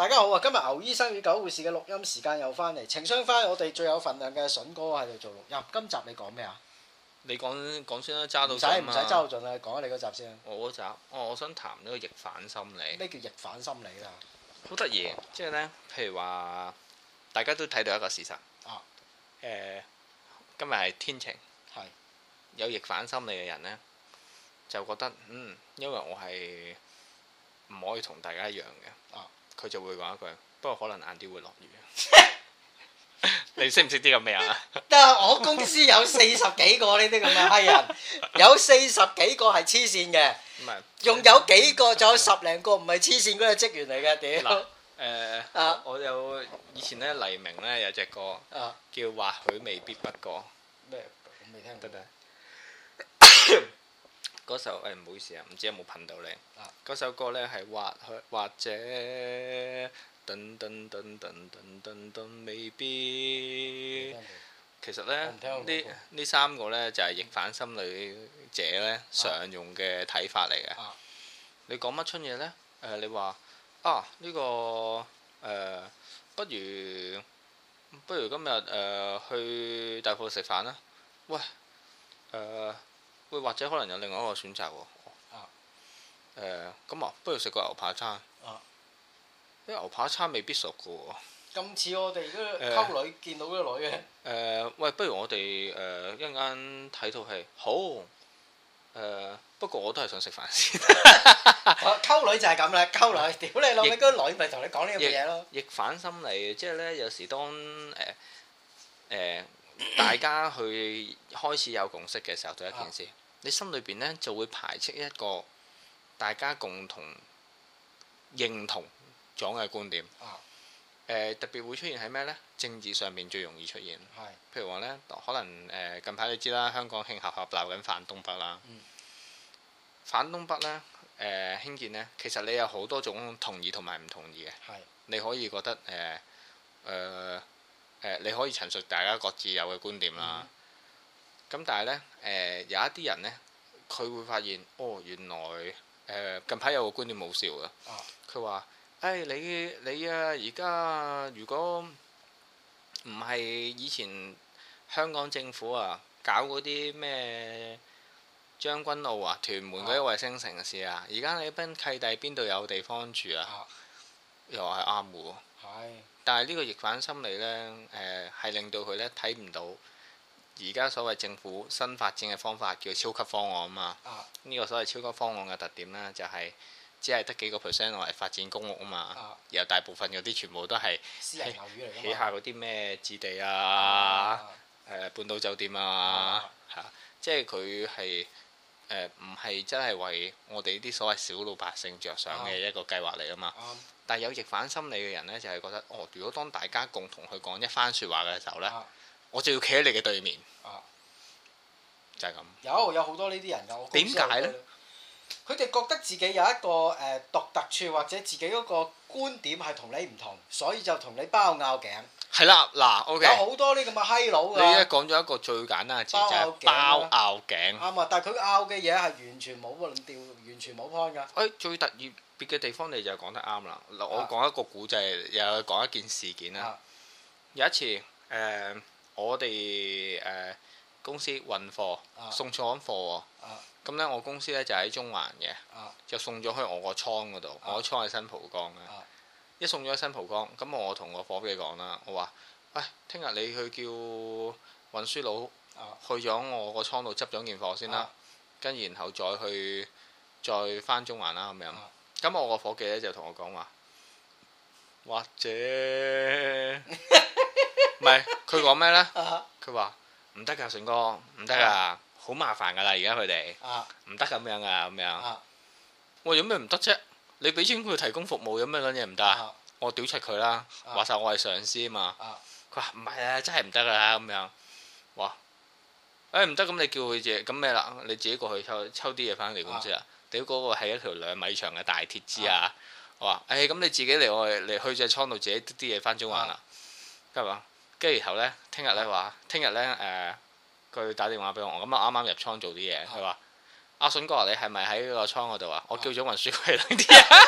大家好啊！今日牛醫生與狗護士嘅錄音時間又翻嚟，情商翻我哋最有份量嘅筍哥喺度做錄音。今集你講咩啊？你講講先啦，揸到盡，唔使揸到盡啦，講下你嗰集先。我嗰集、哦，我我想談呢個逆反心理。咩叫逆反心理啊？好得意，即係呢，譬如話大家都睇到一個事實啊。呃，今日係天晴。係。有逆反心理嘅人呢，就覺得嗯，因為我係唔可以同大家一樣嘅。啊。佢就會講一句，不過可能晏啲會落雨。 你識唔識啲咁嘅人啊？得 我公司有四十幾個呢啲咁嘅閪人，有四十幾個係黐線嘅，用有幾個仲有十零個唔係黐線嗰啲職員嚟嘅，屌！誒、呃、啊！我有以前咧黎明咧有隻歌，叫或許未必不過咩？未聽得啊！ 嗰首誒，唔好意思啊，唔知有冇噴到你。嗰首歌咧係或或者等等等等等等等未必。其實咧，呢呢三個咧就係逆反心理者咧常用嘅睇法嚟嘅。你講乜春嘢咧？誒，你話啊呢個誒，不如不如今日誒去大埔食飯啦。喂誒！會或者可能有另外一個選擇喎。啊。咁啊，不如食個牛扒餐。牛扒餐未必熟嘅喎。咁似我哋嗰個溝女見到嗰個女嘅。誒，喂，不如我哋誒一陣間睇套戲。好。誒，不過我都係想食飯先。溝女就係咁啦，溝女，屌你老母！嗰個女咪同你講呢樣嘢咯。逆反心理，即係呢，有時當誒大家去開始有共識嘅時候，第一件事。你心裏邊咧就會排斥一個大家共同認同咗嘅觀點，啊呃。特別會出現喺咩呢？政治上面最容易出現。是譬如話呢，可能、呃、近排你知啦，香港慶合合鬧緊反東北啦。嗯、反東北呢，誒、呃、興建呢，其實你有好多種同意同埋唔同意嘅。係是。你可以覺得誒，誒、呃呃呃、你可以陳述大家各自有嘅觀點啦。嗯咁但係呢，誒、呃、有一啲人呢，佢會發現哦，原來、呃、近排有個觀念冇笑噶，佢話：誒、哎、你你啊，而家如果唔係以前香港政府啊搞嗰啲咩將軍澳啊、屯門嗰啲衛星城市啊，而家你班契弟邊度有地方住啊？又話係啱喎，但係呢個逆反心理呢，誒、呃、係令到佢呢睇唔到。而家所謂政府新發展嘅方法叫超級方案啊嘛，呢、啊、個所謂超級方案嘅特點呢，就係、是、只係得幾個 percent 為發展公屋啊嘛，啊然後大部分嗰啲全部都係私人樓宇嚟嘅嘛，起下嗰啲咩置地啊、啊啊半島酒店啊嚇，啊啊即係佢係唔係真係為我哋啲所謂小老百姓着想嘅一個計劃嚟啊嘛，啊啊但係有逆反心理嘅人呢，就係、是、覺得，哦，如果當大家共同去講一番説話嘅時候呢。我就要企喺你嘅對面啊！就係咁有有好多呢啲人噶，點解咧？佢哋覺得自己有一個誒獨特處，或者自己嗰個觀點係同你唔同，所以就同你包拗頸係啦。嗱，有好多呢咁嘅閪佬。你而家講咗一個最簡單嘅字就係包拗頸啱啊！但係佢拗嘅嘢係完全冇調，完全冇 point 噶。誒，最特別別嘅地方，你就講得啱啦。我講一個古仔，又講一件事件啦。有一次，誒。我哋誒公司運貨送倉貨喎，咁呢，我公司呢就喺中環嘅，就送咗去我個倉嗰度，我倉喺新蒲崗，嘅，一送咗去新蒲崗。咁我同我伙計講啦，我話，喂，聽日你去叫運輸佬去咗我個倉度執咗件貨先啦，跟然後再去再返中環啦咁樣，咁我個伙計呢就同我講話，或者。唔係佢講咩咧？佢話唔得噶，順哥唔得啊，好麻煩噶啦！而家佢哋唔得咁樣啊，咁樣我有咩唔得啫？你俾錢佢提供服務，有咩撚嘢唔得？我屌柒佢啦！話晒我係上司啊嘛！佢話唔係啊，真係唔得噶啦！咁樣哇，誒唔得咁，你叫佢借咁咩啦？你自己過去抽抽啲嘢翻嚟公司呀。屌嗰個係一條兩米長嘅大鐵枝啊！我話誒咁，你自己嚟我嚟去隻倉度自己啲嘢翻中環啦，得嘛？跟住然後咧，聽日咧話，聽日咧誒，佢打電話俾我，咁啊啱啱入倉做啲嘢，佢話阿筍哥，你係咪喺個倉嗰度啊？我叫咗運輸櫃嚟啲，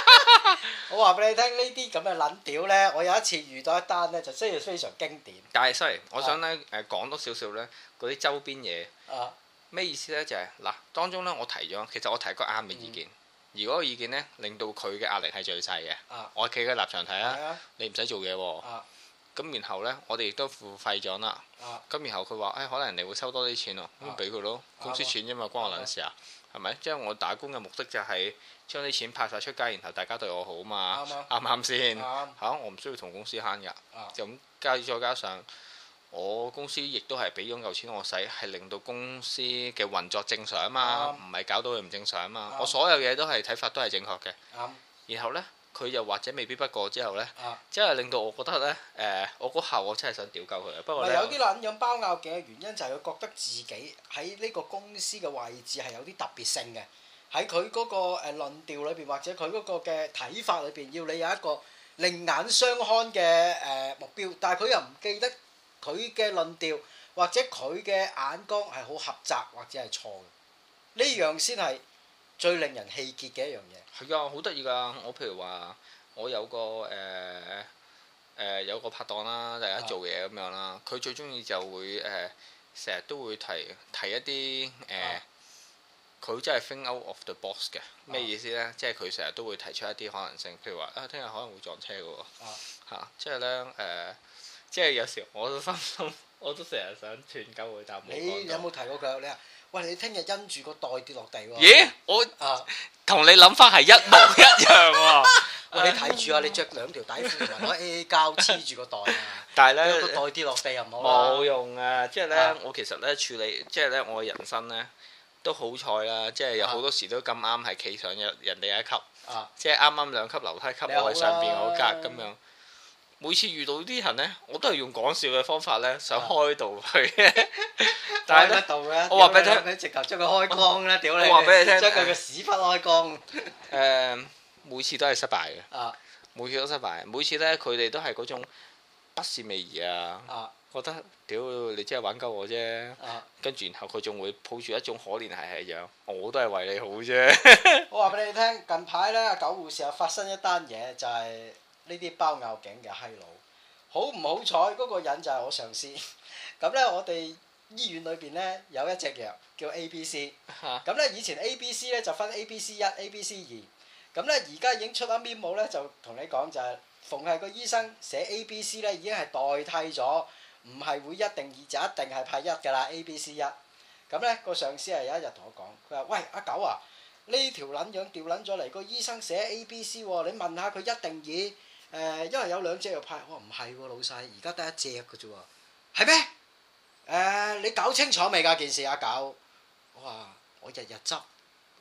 我話俾你聽，呢啲咁嘅撚屌咧，我有一次遇到一單咧，就雖然非常經典，但係，sorry，我想咧誒講多少少咧，嗰啲周邊嘢啊，咩意思咧？就係嗱，當中咧我提咗，其實我提個啱嘅意見，而嗰個意見咧令到佢嘅壓力係最細嘅，我企喺立場睇啊，你唔使做嘢喎。咁然後呢，我哋亦都付費咗啦。咁然後佢話：誒，可能人哋會收多啲錢咯，咁俾佢咯，公司錢啫嘛，關我撚事啊？係咪？即係我打工嘅目的就係將啲錢派晒出街，然後大家對我好嘛。啱唔啱先？嚇，我唔需要同公司慳噶。咁再加上，我公司亦都係俾咗夠錢我使，係令到公司嘅運作正常啊嘛，唔係搞到佢唔正常啊嘛。我所有嘢都係睇法都係正確嘅。啱。然後呢？佢又或者未必，不過之後咧，即係、啊、令到我覺得呢，誒、呃，我嗰下我真係想屌鳩佢嘅。不過有啲人咁包拗嘅原因就係佢覺得自己喺呢個公司嘅位置係有啲特別性嘅，喺佢嗰個誒論調裏邊或者佢嗰個嘅睇法裏邊，要你有一個另眼相看嘅誒目標，但係佢又唔記得佢嘅論調或者佢嘅眼光係好狹窄或者係錯嘅，呢樣先係。最令人氣結嘅一樣嘢。係啊，好得意噶！我譬如話，我有個誒誒、呃呃、有個拍檔啦，大家做嘢咁樣啦，佢、啊、最中意就會誒成日都會提提一啲誒，佢、呃啊、真係 think out of the box 嘅咩意思咧？啊、即係佢成日都會提出一啲可能性，譬如話啊，聽日可能會撞車嘅喎嚇，即係咧誒，即係、呃、有時我都擔心，我都成日想斷交佢，答。冇。你有冇提過佢？你啊？喂，你聽日因住個袋跌落地喎？咦，我啊，同、欸、你諗法係一模一樣喎、啊！ 喂，你睇住啊，你着兩條底褲，攞 A A 膠黐住個袋啊！但係咧，個袋跌落地又冇、啊、用啊！即係咧，啊、我其實咧處理，即係咧，我人生咧都好彩啦！即係有好多時都咁啱係企上人哋一級，啊、即係啱啱兩級樓梯，級我喺上邊嗰格咁樣。每次遇到啲人呢，我都係用講笑嘅方法呢，想開導佢，但 係呢，我話俾你聽，直頭將佢開光啦！屌你，你將佢嘅屎忽開光。誒、 呃，每次都係失敗嘅。啊，每次都失敗。每次呢，佢哋都係嗰種不是味兒啊。啊，覺得屌你真係玩鳩我啫。跟住、啊、然後佢仲會抱住一種可憐係係樣，我都係為你好啫。 我話俾你聽，近排呢，九護士又發生一單嘢就係、是。呢啲包拗頸嘅閪佬，好唔好彩？嗰、那個人就係我上司。咁咧，我哋醫院裏邊咧有一隻藥叫 A B C。咁咧，以前 A B C 咧就分 A B C 一、A B C 二。咁咧，而家已經出緊 memo 咧，就同你講就係，逢係個醫生寫 A B C 咧，已經係代替咗，唔係會一定二就一定係派一㗎啦。A B C 一。咁咧，個上司係有一日同我講，佢話：喂，阿狗啊，呢條撚樣掉撚咗嚟，個醫生寫 A B C 喎，你問下佢一定二。誒，因為有兩隻又派，我話唔係喎老細，而家得一隻嘅啫喎，係咩？誒、呃，你搞清楚未㗎件事阿、啊、九、哦，我話我日日執。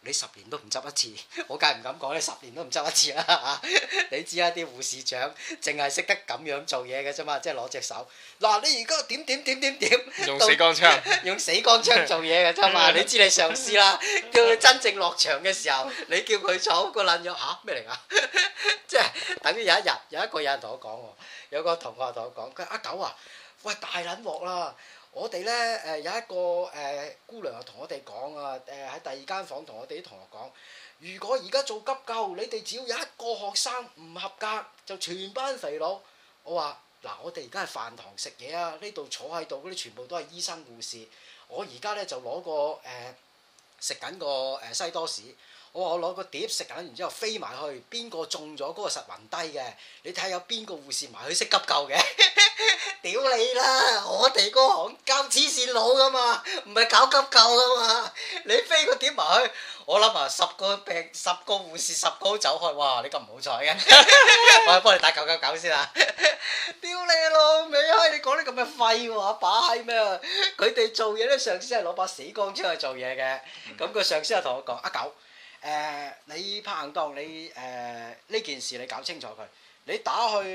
你十年都唔執一次，我梗係唔敢講你十年都唔執一次啦嚇！你知呀，啲護士長淨係識得咁樣做嘢嘅啫嘛，即係攞隻手。嗱，你如果點點點點點，用死光槍，用死光槍做嘢嘅啫嘛， 你知你上司啦。叫佢真正落場嘅時候，你叫佢坐個撚樣嚇咩嚟啊？即係、 就是、等於有一日有一個人同我講喎，有個同學同我講，佢阿、啊、狗話、啊：喂，大撚鑊啦！我哋咧誒有一個誒、呃、姑娘啊，同我哋講啊，誒喺第二間房同我哋啲同學講，如果而家做急救，你哋只要有一個學生唔合格，就全班肥佬。我話嗱，我哋而家係飯堂食嘢啊，呢度坐喺度嗰啲全部都係醫生護士。我而家咧就攞個誒食緊個誒、呃、西多士，我話我攞個碟食緊然之後飛埋去，邊個中咗嗰個實暈低嘅？你睇下有邊個護士埋去識急救嘅？ 屌你啦！我哋嗰行教黐線佬噶嘛，唔係搞急救噶嘛。你飛個點埋去？我諗埋十個病，十個護士十個走開。哇！你咁唔好彩嘅，我幫你打九九九先啦。屌你老味閪！你講啲咁嘅廢話把閪咩？佢哋做嘢咧，上司係攞把死光出去做嘢嘅。咁個上司就同我講：阿九，誒你拍行檔，你誒呢件事你搞清楚佢。你打去誒，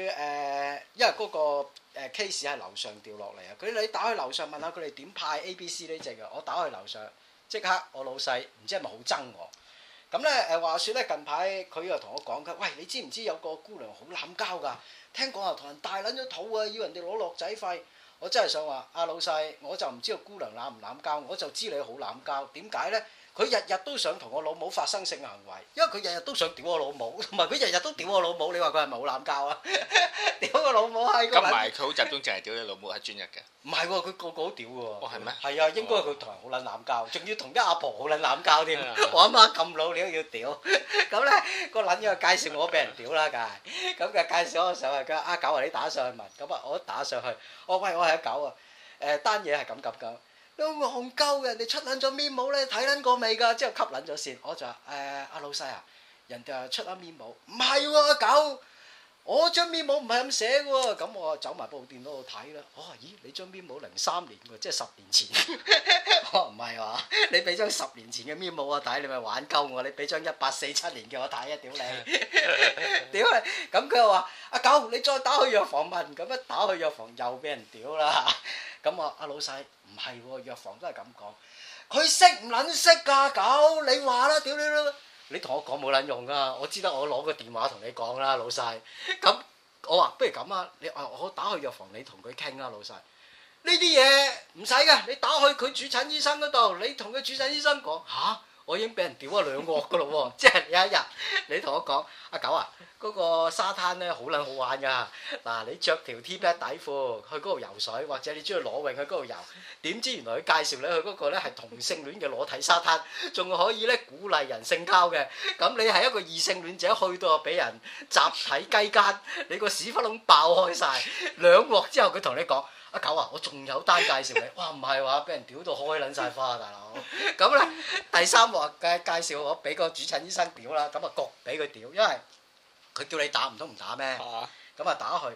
因為嗰個。誒 case 喺樓上掉落嚟啊！佢你打去樓上問下佢哋點派 A、B、C 呢隻啊！我打去樓上，即刻我老細唔知係咪好憎我？咁咧誒話説咧近排佢又同我講嘅，喂你知唔知有個姑娘好濫交㗎？聽講又同人大撚咗肚啊，要人哋攞落仔費。我真係想話，阿老細我就唔知道姑娘濫唔濫交，我就知你好濫交，點解咧？佢日日都想同我老母發生性行為，因為佢日日都想屌我老母，同埋佢日日都屌我老母。你話佢係咪好濫交啊？屌我老母係。同埋佢好集中，淨係屌你老母係專一嘅。唔係喎，佢個個都屌喎。係咩？係啊，應該佢同人好撚濫交，仲要同啲阿婆好撚濫交添啊！我阿媽咁老你都要屌，咁咧個撚樣介紹我俾人屌啦，梗係咁佢介紹我上去，佢阿狗話你打上去問，咁啊我打上去，我喂我係阿狗啊，誒單嘢係咁夾噶。都戇鳩嘅，人哋出撚咗面冇咧，睇撚過未㗎，之後吸撚咗線。我，我就話誒阿老細啊，人哋話出啊面冇，唔係喎阿狗，我張面冇唔係咁寫嘅喎。咁我走埋部電腦度睇啦。哦，咦？你張面冇零三年喎，即係十年前。我唔係喎，你俾張十年前嘅面冇我睇，你咪玩鳩我。你俾張一八四七年嘅我睇，屌你！屌你！咁佢又話：阿狗，你再打去藥房問，咁一打去藥房又俾人屌啦。咁話阿老細，唔係喎，藥房都係咁講，佢識唔撚識㗎？狗，你話啦，屌你啦，你同我講冇撚用㗎，我知得我攞個電話同你講啦，老細。咁、嗯、我話不如咁啊，你啊，我打去藥房，你同佢傾啊，老細。呢啲嘢唔使嘅，你打去佢主診醫生嗰度，你同佢主診醫生講吓。啊。我已經俾人屌咗兩鑊㗎咯喎！即係有一日你同我講，阿狗啊，嗰個沙灘咧好撚好玩㗎。嗱，你着條 T 恤底褲去嗰度游水，或者你中意裸泳去嗰度游。點知原來佢介紹你去嗰個咧係同性戀嘅裸體沙灘，仲可以咧鼓勵人性交嘅。咁你係一個異性戀者，去到就俾人集體雞奸，你個屎忽窿爆開晒。兩鑊之後佢同你講。阿九啊，啊，我仲有單介紹你，哇唔係、啊、話俾人屌到開捻晒花啊大佬，咁咧第三話介介紹我俾個主診醫生屌啦，咁啊焗俾佢屌，因為佢叫你打唔通唔打咩，咁啊打佢，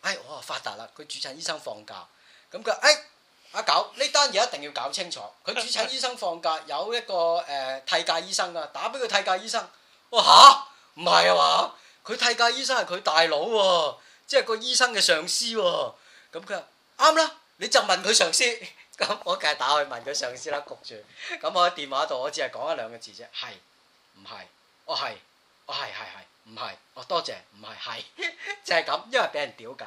哎我啊、哦、發達啦，佢主診醫生放假，咁佢，哎阿九呢單嘢一定要搞清楚，佢主診醫生放假，有一個誒、呃、替假醫生噶，打俾個替假醫生，我吓唔係啊嘛，佢替假醫生係佢、哦啊啊、大佬喎，即係個醫生嘅上司喎，咁佢。啱啦，你就問佢上司，咁我梗係打去問佢上司啦，焗住。咁我喺電話度，我只係講一兩個字啫，係唔係？我係，我係係係，唔係。我多謝，唔係係，就係咁，因為俾人屌緊。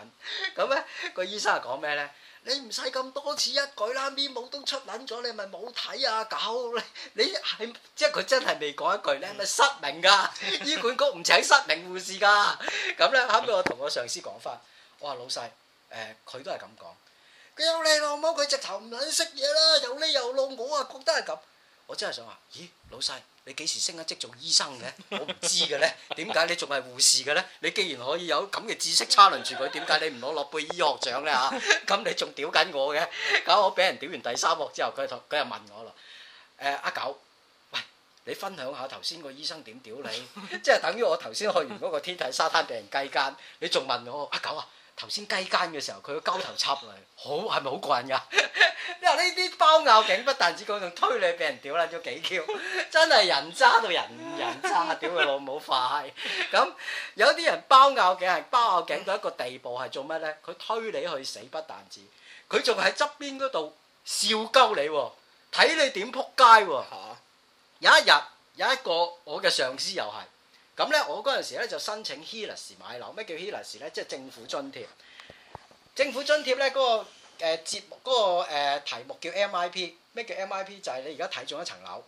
咁咧個醫生又講咩咧？你唔使咁多此一舉啦，咪冇都出撚咗，你咪冇睇啊！搞你，你係即係佢真係未講一句咧，咪失明㗎？醫管局唔請失明護士㗎。咁咧後尾我同我上司講翻，我話老細。誒佢都係咁講，佢又叻咯，我覺得佢直頭唔撚識嘢啦，又叻又老，我啊覺得係咁，我真係想話，咦，老細你幾時升一職做醫生嘅？我唔知嘅咧，點解你仲係護士嘅咧？你既然可以有咁嘅知識差輪住佢，點解你唔攞諾貝爾醫學獎咧嚇？咁你仲屌緊我嘅？咁我俾人屌完第三幕之後，佢同佢又問我咯，誒阿狗，喂，你分享下頭先個醫生點屌你？即係等於我頭先去完嗰個天體沙灘俾人雞奸，你仲問我阿狗啊？頭先雞奸嘅時候，佢個交頭插嚟，好係咪好過癮㗎？因為呢啲包拗頸不但止講，仲推你俾人屌爛咗幾條，真係人渣到人 人渣人，屌佢老母快！咁有啲人包拗頸係包拗頸到一個地步係做咩呢？佢推你去死不但止，佢仲喺側邊嗰度笑鳩你，睇你點仆街喎！嚇，有一日有一個我嘅上司又係。咁咧，我嗰陣時咧就申請 HILAS 買樓。咩叫 HILAS 咧？即係政府津貼。政府津貼咧，嗰個誒節目，嗰個誒題目叫 MIP。咩叫 MIP？就係你而家睇中一層樓，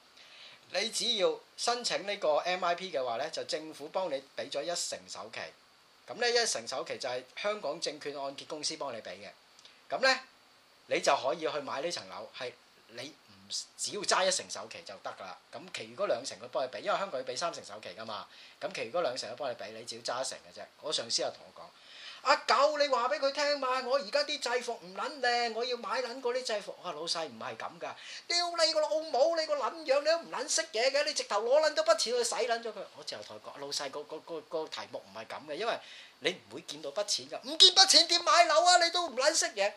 你只要申請呢個 MIP 嘅話咧，就政府幫你俾咗一成首期。咁呢，一成首期就係香港證券按揭公司幫你俾嘅。咁咧，你就可以去買呢層樓，係你。只要揸一成首期就得噶啦，咁其餘嗰兩成佢幫你俾，因為香港要俾三成首期噶嘛。咁其餘嗰兩成佢幫你俾，你只要揸一成嘅啫。我上司又同我講：阿九、啊，你話俾佢聽嘛，我而家啲制服唔撚靚，我要買撚嗰啲制服。啊、哦、老細唔係咁噶，屌你個老母，你個撚樣你都唔撚識嘢嘅，你直頭攞撚到筆錢去洗撚咗佢。我之後同佢講：老細，個個個個題目唔係咁嘅，因為你唔會見到筆錢噶，唔見筆錢點買樓啊？你都唔撚識嘢。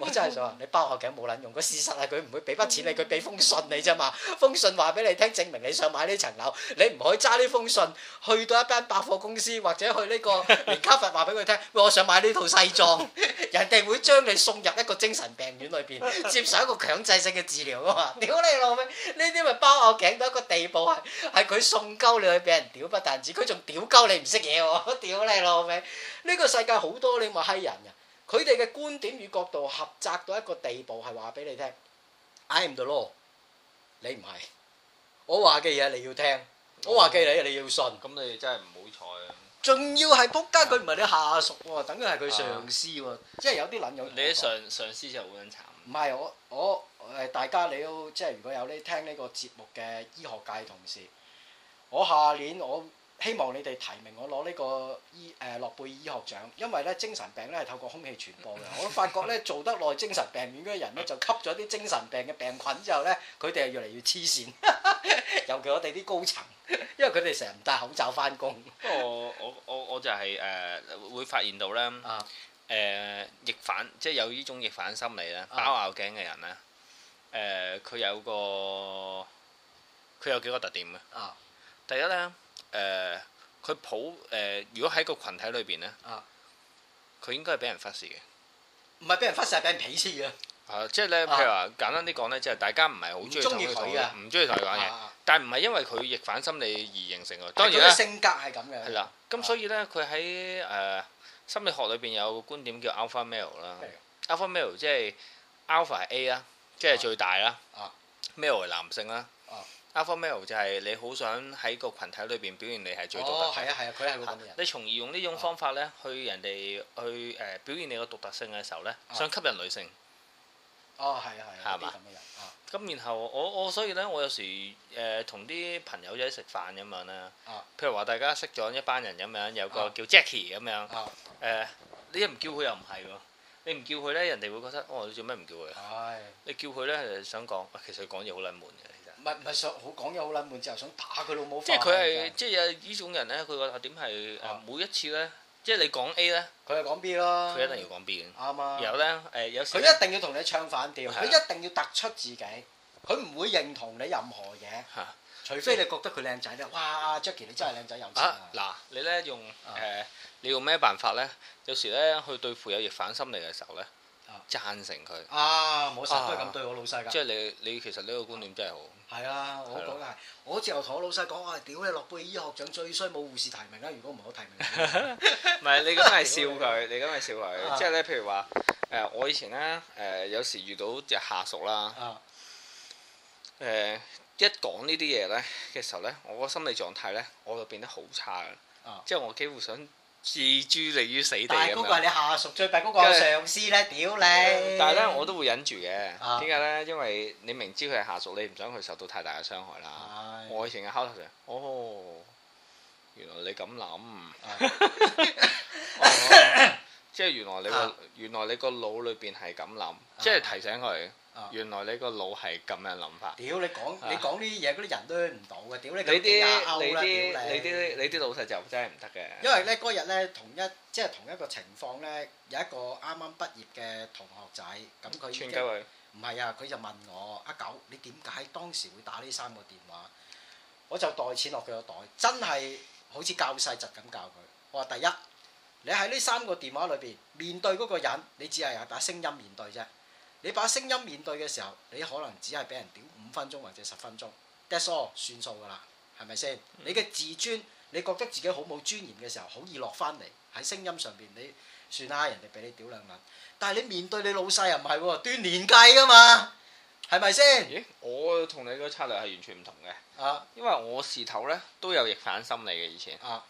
我真係想話，你包我頸冇撚用，個事實係佢唔會俾筆錢你，佢俾封信你啫嘛，封信話俾你聽，證明你想買呢層樓，你唔可以揸呢封信去到一間百貨公司或者去呢個連卡佛話俾佢聽，喂，我想買呢套西裝，人哋會將你送入一個精神病院裏邊，接受一個強制性嘅治療啊嘛，屌你老味，呢啲咪包我頸到一個地步係，係佢送鳩你去俾人屌，不但止，佢仲屌鳩你唔識嘢喎，屌你老味，呢個世界好多你咪欺人嘅。佢哋嘅觀點與角度狹窄到一個地步，係話俾你聽，I am the law。你唔係，我話嘅嘢你要聽，嗯、我話嘅嘢你要信。咁、嗯、你真係唔好彩。仲要係仆街，佢唔係你下屬喎，等於係佢上司喎，的即係有啲撚有。你上上司就好撚慘。唔係我我誒大家，你都即係如果有啲聽呢個節目嘅醫學界同事，我下年我希望你哋提名我攞呢、呢個醫誒會醫學獎，因為咧精神病咧係透過空氣傳播嘅。我發覺咧做得耐精神病院嘅人咧，就吸咗啲精神病嘅病菌之後咧，佢哋係越嚟越黐線， 尤其我哋啲高層，因為佢哋成日唔戴口罩返工。不過我我我就係、是、誒、呃、會發現到咧誒、呃、逆反，即係有呢種逆反心理咧，包拗頸嘅人咧誒佢有個佢有幾個特點嘅。第一咧誒。呃佢抱誒，如果喺個群體裏邊咧，佢應該係俾人忽視嘅。唔係俾人忽視，係俾人鄙視嘅。係即係咧，譬如話簡單啲講咧，即係大家唔係好中意同佢嘅，唔中意同佢玩嘢。但係唔係因為佢逆反心理而形成嘅。當然性格係咁嘅。係啦，咁所以咧，佢喺誒心理學裏邊有個觀點叫 alpha male 啦。alpha male 即係 alpha 係 A 啦，即係最大啦。啊。male 係男性啦。啊。Alpha male 就係你好想喺個群體裏邊表現你係最獨特、哦，係啊係啊，佢係、啊、個咁嘅人。你從而用呢種方法咧，去人哋去誒表現你個獨特性嘅時候咧，想吸引女性。哦，係啊係啊，係嘛咁。吧哦、然後我我所以咧，我有時誒同啲朋友仔食飯咁樣啦。哦、譬如話大家識咗一班人咁樣，有個叫 Jackie 咁樣。啊、呃，你一唔叫佢又唔係喎，你唔叫佢咧，人哋會覺得哇你做咩唔叫佢啊？你叫佢咧，想講、哎，其實講嘢好冷門嘅。唔係唔係想好講嘢好冷門之後想打佢老母，即係佢係即係呢種人咧。佢個特點係誒每一次咧，即係你講 A 咧，佢係講 B 咯。佢一定要講 B 嘅。啱啊。然後咧誒有時，佢一定要同你唱反調，佢一定要突出自己，佢唔會認同你任何嘢。嚇！除非你覺得佢靚仔咧，哇 Jackie 你真係靚仔有錢，嗱你咧用誒你用咩辦法咧？有時咧去對付有逆反心理嘅時候咧，贊成佢。啊，冇錯，都係咁對我老細㗎。即係你你其實呢個觀點真係好。係啊，我覺得係。我之後同我老細講，我係屌你諾貝爾醫學獎最衰冇護士提名啦！如果唔好提名，唔係你咁係笑佢， 你咁係笑佢。笑 即係咧，譬如話誒、呃，我以前咧誒、呃，有時遇到隻下屬啦，誒、 呃、一講呢啲嘢咧嘅時候咧，我個心理狀態咧，我就變得好差嘅。 即係我幾乎想。自尊嚟於死地咁樣，但嗰個係你下屬最弊，嗰個上司咧，屌你！但係咧，我都會忍住嘅。點解咧？因為你明知佢係下屬，你唔想佢受到太大嘅傷害啦。愛情嘅敲打者，哦，原來你咁諗、啊 哦，即係原來你個、啊、原來你個腦裏邊係咁諗，即係提醒佢。原來你個腦係咁樣諗法。屌你，講你講呢啲嘢，嗰啲人都唔到嘅。屌你咁亞歐咧，屌你。你啲你啲你啲老細就真係唔得嘅。因為咧嗰日咧同一即係同一個情況咧，有一個啱啱畢業嘅同學仔，咁佢唔係啊，佢就問我：阿狗，你點解當時會打呢三個電話？我就袋錢落佢個袋，真係好似教細侄咁教佢。我話第一，你喺呢三個電話裏邊面對嗰個人，你只係係把聲音面對啫。你把聲音面對嘅時候，你可能只係俾人屌五分鐘或者十分鐘，That's all, 算數噶啦，係咪先？嗯、你嘅自尊，你覺得自己好冇尊嚴嘅時候，好易落翻嚟喺聲音上邊。你算啦，人哋俾你屌兩撚，但係你面對你老細又唔係喎，鍛鍊計噶嘛，係咪先？咦，我同你個策略係完全唔同嘅，啊，因為我事頭呢都有逆反心理嘅以前，啊，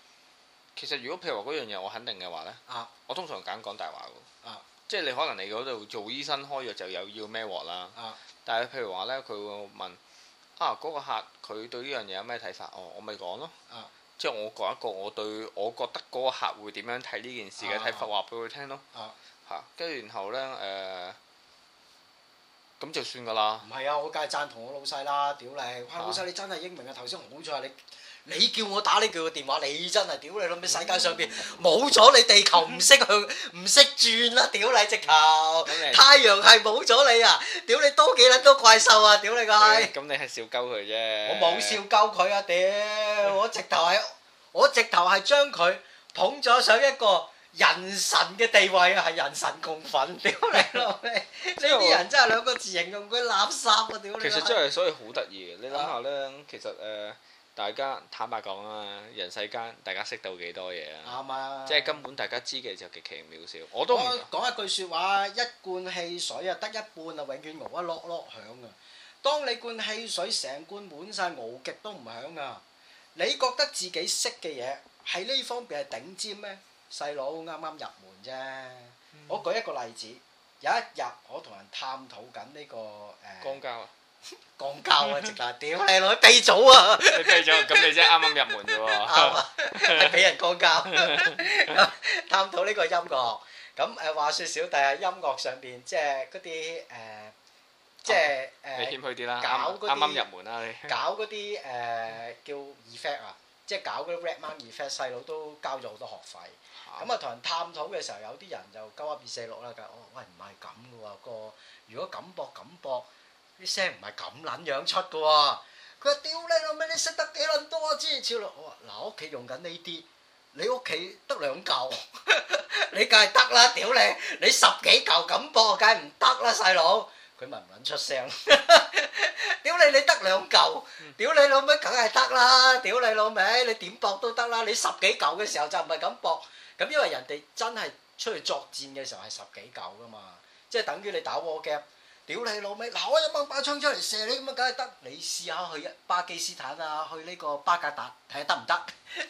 其實如果譬如話嗰樣嘢我肯定嘅話呢，啊，我通常揀講大話啊。即係你可能嚟嗰度做醫生開藥就有要咩鑊啦，啊、但係譬如話呢，佢會問啊嗰、嗰個客佢對呢樣嘢有咩睇法？哦、我我咪講咯，啊、即係我講一個我對我覺得嗰個客會點樣睇呢件事嘅睇法，話俾佢聽咯，跟住、啊啊、然後呢。誒、呃。咁就算噶啦。唔係啊，我梗係贊同我老細啦！屌你，哇老細你真係英明啊！頭先好彩，你，你叫我打呢句嘅電話，你真係屌你咯！世界上邊冇咗你，地球唔識去，唔識轉啦！屌你，直頭，太陽系冇咗你啊！屌你多幾撚多怪獸啊！屌你個閪！咁、嗯嗯嗯嗯、你係笑鳩佢啫。我冇笑鳩佢啊！屌，我直頭係，我直頭係將佢捧咗上一個，人神嘅地位啊，係人神共憤，屌你老味！呢啲人真係兩個字形容佢，垃圾啊，屌你！其實真係所以好得意嘅，你諗下咧，其實誒大家坦白講啊，人世間大家識到幾多嘢啊？啱啊！即係根本大家知嘅就極其渺小。我都唔講一句説話。一罐汽水啊，得一半啊，永遠鈎一落落響㗎！當你罐汽水成罐滿晒，鈎極都唔響㗎！你覺得自己識嘅嘢喺呢方面係頂尖咩？細佬啱啱入門啫，我舉一個例子。有一日我同人探討緊呢個誒，光膠啊，光膠啊，直男屌，啊，女，鼻祖啊。你鼻祖咁，你即係啱啱入門啫喎。俾人光膠，探討呢個音樂。咁誒話説小弟喺音樂上邊即係嗰啲誒，即係誒。你謙虛啲啦。搞啱啱入門啊！你搞嗰啲誒叫 effect 啊，即係搞嗰啲 rap man effect，細佬都交咗好多學費。咁 啊，同人探討嘅時候，有啲人就鳩噏二四六啦。佢話、哦：喂，唔係咁嘅喎，個如果咁搏咁搏，啲聲唔係咁撚樣,樣出嘅喎。佢話：屌你老味，你識得幾撚多？之前超落。我話：嗱、呃，屋企用緊呢啲，你屋企得兩嚿， 你梗係得啦。屌你，你十幾嚿咁搏，梗係唔得啦，細佬。佢咪唔撚出聲？屌 你！你得兩嚿，屌你老味，梗係得啦！屌你老味，你點搏都得啦！你十幾嚿嘅時候就唔係咁搏，咁因為人哋真係出去作戰嘅時候係十幾嚿噶嘛，即係等於你打 war game。屌你老味，嗱，我一掹把槍出嚟射你咁啊？梗係得，你試下去巴基斯坦啊，去呢個巴格達睇下得唔得？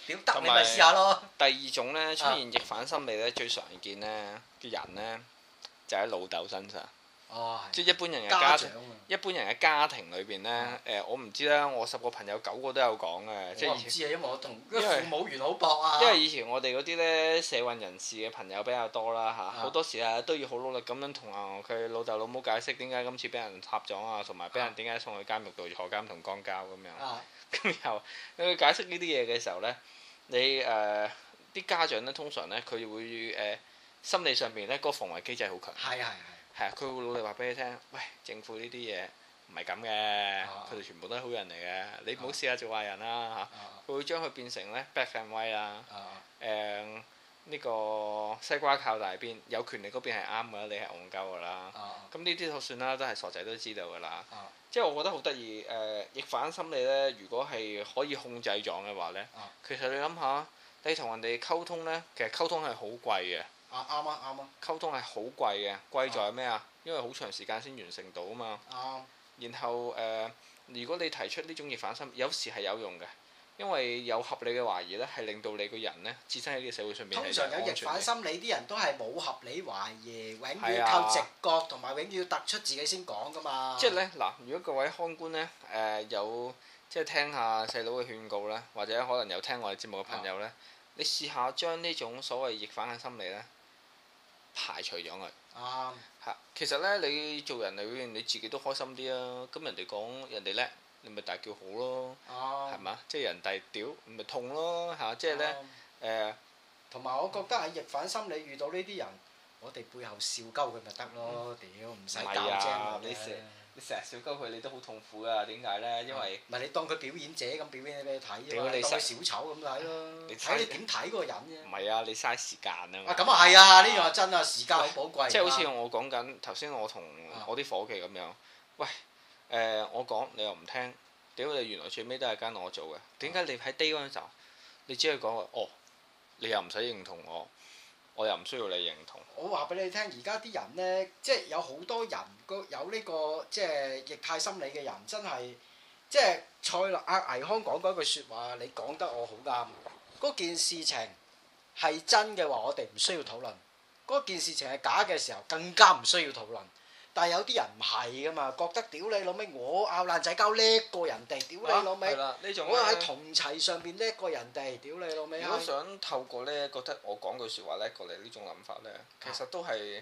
屌得你咪有試下咯。第二種咧，出現逆反心理咧，啊、最常見咧嘅人咧，就喺老豆身上。哦、即係一般人嘅家庭，家長一般人嘅家庭裏邊呢，誒、嗯呃，我唔知啦。我十個朋友九個都有講嘅，即係唔知啊。因為我同因為父母緣好薄啊。因為以前我哋嗰啲呢社運人士嘅朋友比較多啦嚇，好、嗯、多時啊都要好努力咁樣同啊佢老豆老母解釋點解今次俾人插咗啊，同埋俾人點解送去監獄度坐監同江交咁樣。咁又、嗯、後佢解釋呢啲嘢嘅時候呢，你誒啲、呃、家長呢，通常呢，佢會誒心理上邊呢嗰個防衞機制好強。係係係。的係佢、嗯、會努力話俾你聽，喂，政府呢啲嘢唔係咁嘅，佢哋全部都係好人嚟嘅，你唔好試下做壞人啦嚇。佢、啊、會將佢變成咧 backfire 啦，誒呢、啊啊嗯呢個西瓜靠大邊，有權力嗰邊係啱嘅，你係憨鳩㗎啦。咁呢啲就算啦，都係傻仔都知道㗎啦。啊、即係我覺得好得意誒，逆反心理咧，如果係可以控制咗嘅話咧，啊、其實你諗下，你同人哋溝通咧，其實溝通係好貴嘅。啊啱啊啱啊！啊啊溝通係好貴嘅，貴在咩啊？因為好長時間先完成到啊嘛。啱、啊。然後誒、呃，如果你提出呢種逆反心理，有時係有用嘅，因為有合理嘅懷疑咧，係令到你個人咧置身喺呢個社會上面，通常有逆反心理啲人都係冇合理懷疑，永遠靠直覺同埋、啊、永遠要突出自己先講噶嘛。即係咧嗱，如果各位看官咧誒、呃、有即係聽下細佬嘅勸告咧，或者可能有聽我哋節目嘅朋友咧，啊、你試下將呢種所謂逆反嘅心理咧。呢排除咗佢，啊，嚇！其實咧，你做人你你自己都開心啲啊。咁人哋講人哋叻，你咪大叫好咯，係嘛、啊？即係人哋屌，咪痛咯，嚇、就是！即係咧誒，同埋、呃、我覺得喺逆反心理遇到呢啲人，嗯、我哋背後笑鳩佢咪得咯，嗯、屌唔使搞精嘅。是成日小鳩佢，你都好痛苦啊？點解呢？因為唔係、嗯、你當佢表演者咁表演俾你睇，當佢小丑咁睇咯。你睇你點睇嗰個人啫。唔係啊！你嘥時間啊嘛。啊咁啊係啊！呢樣係真啊，時間好寶貴。即係好似我講緊頭先，我同我啲伙計咁樣，喂誒，我講你又唔聽，屌你原來最尾都係跟我做嘅，點解你喺 d 低嗰陣時候，你只係講話哦，你又唔使認同我。我又唔需要你認同我你。我話俾你聽，而家啲人呢，即係有好多人有呢、這個即係逆向心理嘅人，真係即係蔡立阿倪康講嗰句説話，你講得我好啱。嗰件事情係真嘅話，我哋唔需要討論；嗰件事情係假嘅時候，更加唔需要討論。但係有啲人唔係噶嘛，覺得屌你老味，我拗爛仔交叻過人哋，屌你老味，我喺同齊上邊叻過人哋，屌你老味。如果想透過咧，覺得我講句説話咧，過你呢種諗法咧，其實都係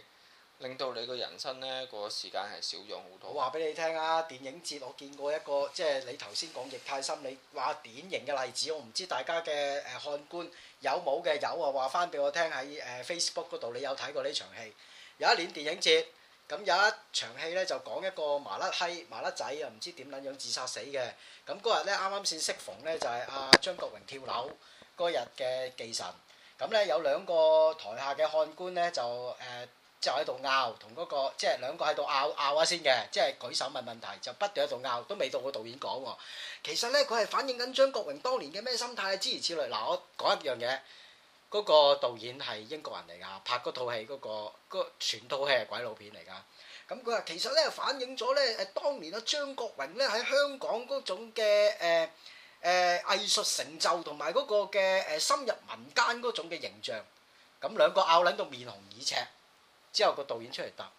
令到你個人生咧個時間係少咗好多。我話俾你聽啊，電影節我見過一個，即係你頭先講逆向心理話典型嘅例子，我唔知大家嘅誒看官有冇嘅有啊，話翻俾我聽喺誒 Facebook 嗰度，你有睇過呢場戲？有一年電影節。咁有一場戲咧，就講一個麻甩閪、麻甩仔啊，唔知點撚樣自殺死嘅。咁嗰日咧，啱啱先適逢咧，就係、是、阿、啊、張國榮跳樓嗰日嘅忌辰。咁咧有兩個台下嘅看官咧，就誒、呃、就喺度拗，同嗰、那個即係兩個喺度拗拗下先嘅，即係舉手問問題，就不斷喺度拗，都未到個導演講喎。其實咧，佢係反映緊張國榮當年嘅咩心態啊，諸如此類。嗱，我講一樣嘢。嗰個導演係英國人嚟㗎，拍嗰套戲嗰、嗰個，嗰個、全套戲係鬼佬片嚟㗎。咁佢話其實咧反映咗咧誒，當年嘅、啊、張國榮咧喺香港嗰種嘅誒誒藝術成就同埋嗰個嘅誒深入民間嗰種嘅形象。咁兩個拗撚到面紅耳赤，之後個導演出嚟答：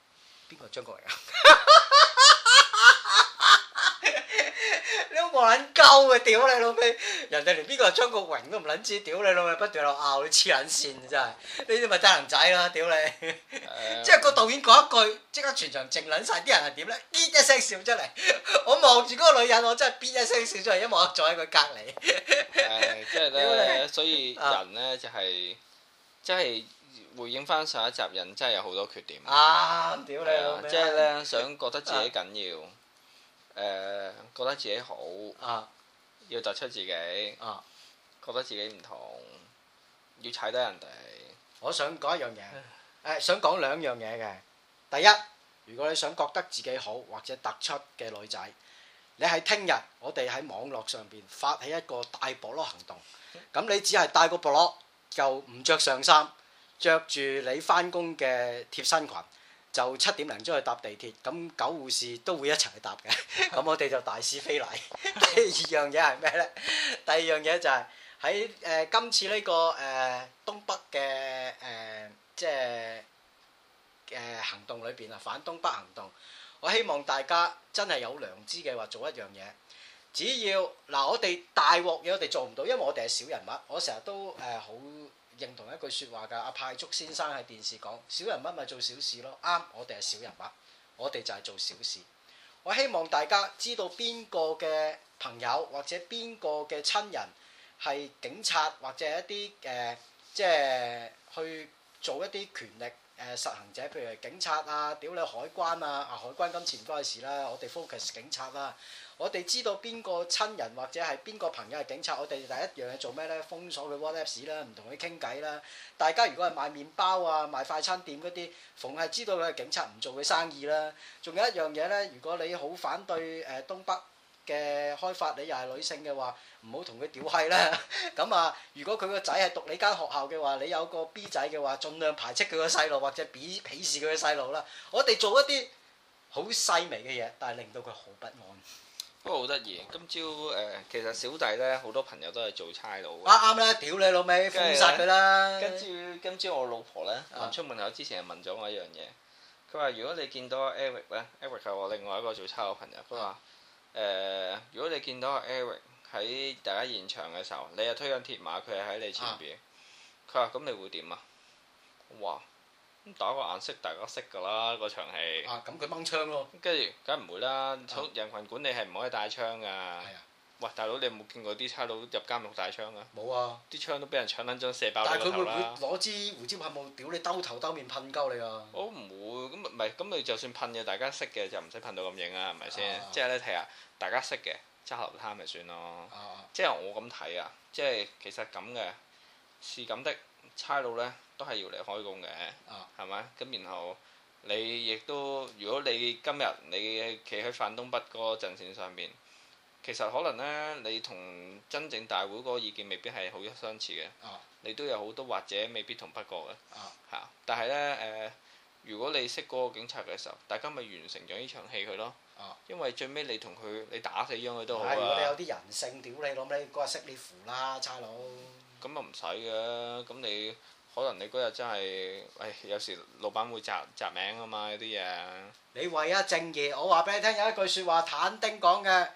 邊個係張國榮啊？ 冇卵鳩啊！屌你老味，人哋連邊個張國榮都唔捻知，屌你老味，不斷落拗，你黐卵綫真係，呢啲咪低能仔啦！屌你，啊、 即係個導演講一句，即刻全場靜卵晒，啲人係點咧？咇一聲笑出嚟，我望住嗰個女人，我真係咇一聲笑出嚟，因為我坐喺佢隔籬。誒，即係咧，所以人咧就係、是，即、就、係、是、回應翻上一集人，真係有好多缺點。啊，屌你老味，即係咧想覺得自己緊要。啊誒、呃、覺得自己好，啊、要突出自己，啊、覺得自己唔同，要踩低人哋。我想講一樣嘢、呃，想講兩樣嘢嘅。第一，如果你想覺得自己好或者突出嘅女仔，你係聽日我哋喺網絡上邊發起一個大波羅行動。咁你只係戴個波羅，就唔着上衫，着住你翻工嘅貼身裙。就七點零鐘去搭地鐵，咁九護士都會一齊去搭嘅。咁 我哋就大肆非禮。第二樣嘢係咩咧？第二樣嘢就係喺誒今次呢、這個誒、呃、東北嘅誒、呃、即係誒、呃、行動裏邊啊，反東北行動。我希望大家真係有良知嘅話做一樣嘢，只要嗱、呃、我哋大鑊嘢我哋做唔到，因為我哋係小人物，我成日都誒好。呃認同一句説話㗎，阿派竹先生喺電視講： 小人物咪做小事咯，啱。我哋係小人物，我哋就係做小事。我希望大家知道邊個嘅朋友或者邊個嘅親人係警察或者一啲誒、呃，即係去做一啲權力。誒、呃、實行者，譬如警察啊，屌、呃、你海關啊，海關今次唔關事啦，我哋 focus 警察啦，我哋知道邊個親人或者係邊個朋友係警察，我哋第一樣嘢做咩咧？封鎖佢 WhatsApp 啦，唔同佢傾偈啦。大家如果係賣麵包啊、賣快餐店嗰啲，逢係知道佢係警察，唔做佢生意啦。仲有一樣嘢咧，如果你好反對誒、呃、東北。嘅開發，你又係女性嘅話，唔好同佢屌閪啦。咁啊，如果佢個仔係讀你間學校嘅話，你有個 B 仔嘅話，盡量排斥佢個細路或者鄙鄙視佢嘅細路啦。我哋做一啲好細微嘅嘢，但係令到佢好不安。不過好得意，今朝誒、呃，其實小弟咧好多朋友都係做差佬。啱啱啦，屌你老味，封殺佢啦。跟住今朝我老婆咧，的出門口之前係問咗我一樣嘢，佢話：如果你見到 Eric 咧，Eric 係我另外一個做差嘅朋友，佢話誒。呃呃如果你見到阿 Eric 喺大家現場嘅時候，你又推緊鐵馬，佢係喺你前邊，佢話、啊：咁你會點啊？哇！咁打個顏色大家識㗎啦，嗰、那個、場戲。啊！咁佢掹槍咯。跟住，梗唔會啦！人群管理係唔可以帶槍㗎。啊。喂，大佬，你有冇見過啲差佬入監獄帶槍噶？冇啊！啲槍都俾人搶撚張，射爆。但係佢會唔會攞支胡椒噴霧？屌你兜頭兜面噴鳩你啊！我唔會咁，唔係咁，你就算噴嘅，大家識嘅就唔使噴到咁影啊，係咪先？即係咧，睇下大家識嘅揸流攤咪算咯。即係我咁睇啊，即係其實咁嘅，是咁的差佬咧都係要嚟開工嘅，係咪？咁然後你亦都，如果你今日你企喺反東北嗰陣線上邊。其實可能咧，你同真正大會嗰個意見未必係好相似嘅，啊、你都有好多或者未必同不過嘅，但係咧誒，如果你識嗰個警察嘅時候，大家咪完成咗呢場戲佢咯，啊、因為最尾你同佢你打死咗佢都好、啊、如果你有啲人性，屌你，你，你，諗你嗰日識你扶啦，差佬。咁啊唔使嘅，咁你可能你嗰日真係誒、哎、有時老闆會雜雜名啊嘛，啲嘢。你為一正義，我話俾你聽有一句説話，坦丁講嘅。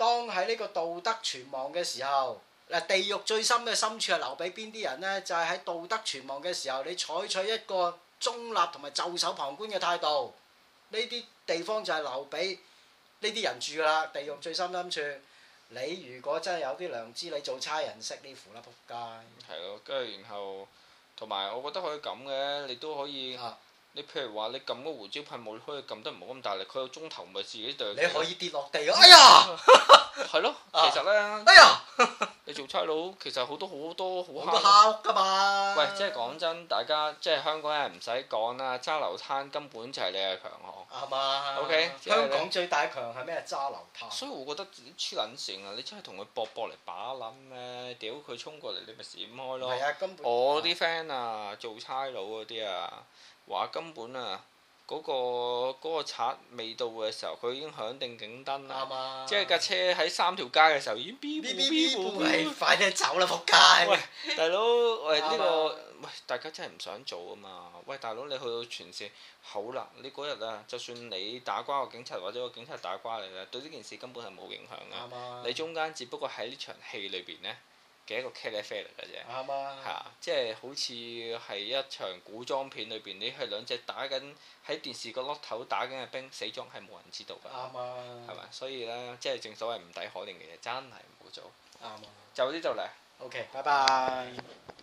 當喺呢個道德全亡嘅時候，嗱，地獄最深嘅深處係留俾邊啲人呢？就係、是、喺道德全亡嘅時候，你採取一個中立同埋袖手旁觀嘅態度，呢啲地方就係留俾呢啲人住㗎啦。地獄最深深處，你如果真係有啲良知，你做差人識呢糊撲街。係咯，跟住然後同埋我覺得可以咁嘅，你都可以。嗯你譬如話，你撳個胡椒噴霧，你可以撳得唔好咁大力，佢個鐘頭咪自己掉。你可以跌落地啊！哎呀，係 咯，其實咧，哎呀， 嗯、你做差佬其實好多好多好多蝦屋噶嘛。喂，即係講真，大家即係香港人唔使講啦，揸流灘根本就係你強項哦。係嘛？O K，香港最大強係咩？揸流灘。所以我覺得你黐撚線啊！你真係同佢搏搏嚟把撚咩，屌佢衝過嚟，你咪閃開咯。係啊、根本我啲 friend 啊，做差佬嗰啲啊。話根本啊，嗰個，嗰個賊未到嘅時候，佢已經響定警燈啦。啱啊！即係架車喺三條街嘅時候，已經 B B B 步嚟，快啲走啦！仆街！Oring，喂，大佬，喂呢個喂，大家真係唔想做啊嘛！哎、過喂，大佬，你去到全線好啦，你嗰日啊，就算你打瓜個警察，或者個警察打瓜你咧，對呢件事根本係冇影響嘅。啊！öz medication 你中間只不過喺呢場戲裏邊呢。嘅一個茄哩啡嚟嘅啫，啱、嗯、啊，即係好似係一場古裝片裏邊，你去兩隻打緊喺電視角落頭打緊嘅兵，死咗，係冇人知道㗎，係咪、嗯嗯？所以呢，即係正所謂唔抵可憐嘅嘢，真係唔好做。啱、嗯、啊！就呢度嚟。OK，bye bye. 拜拜。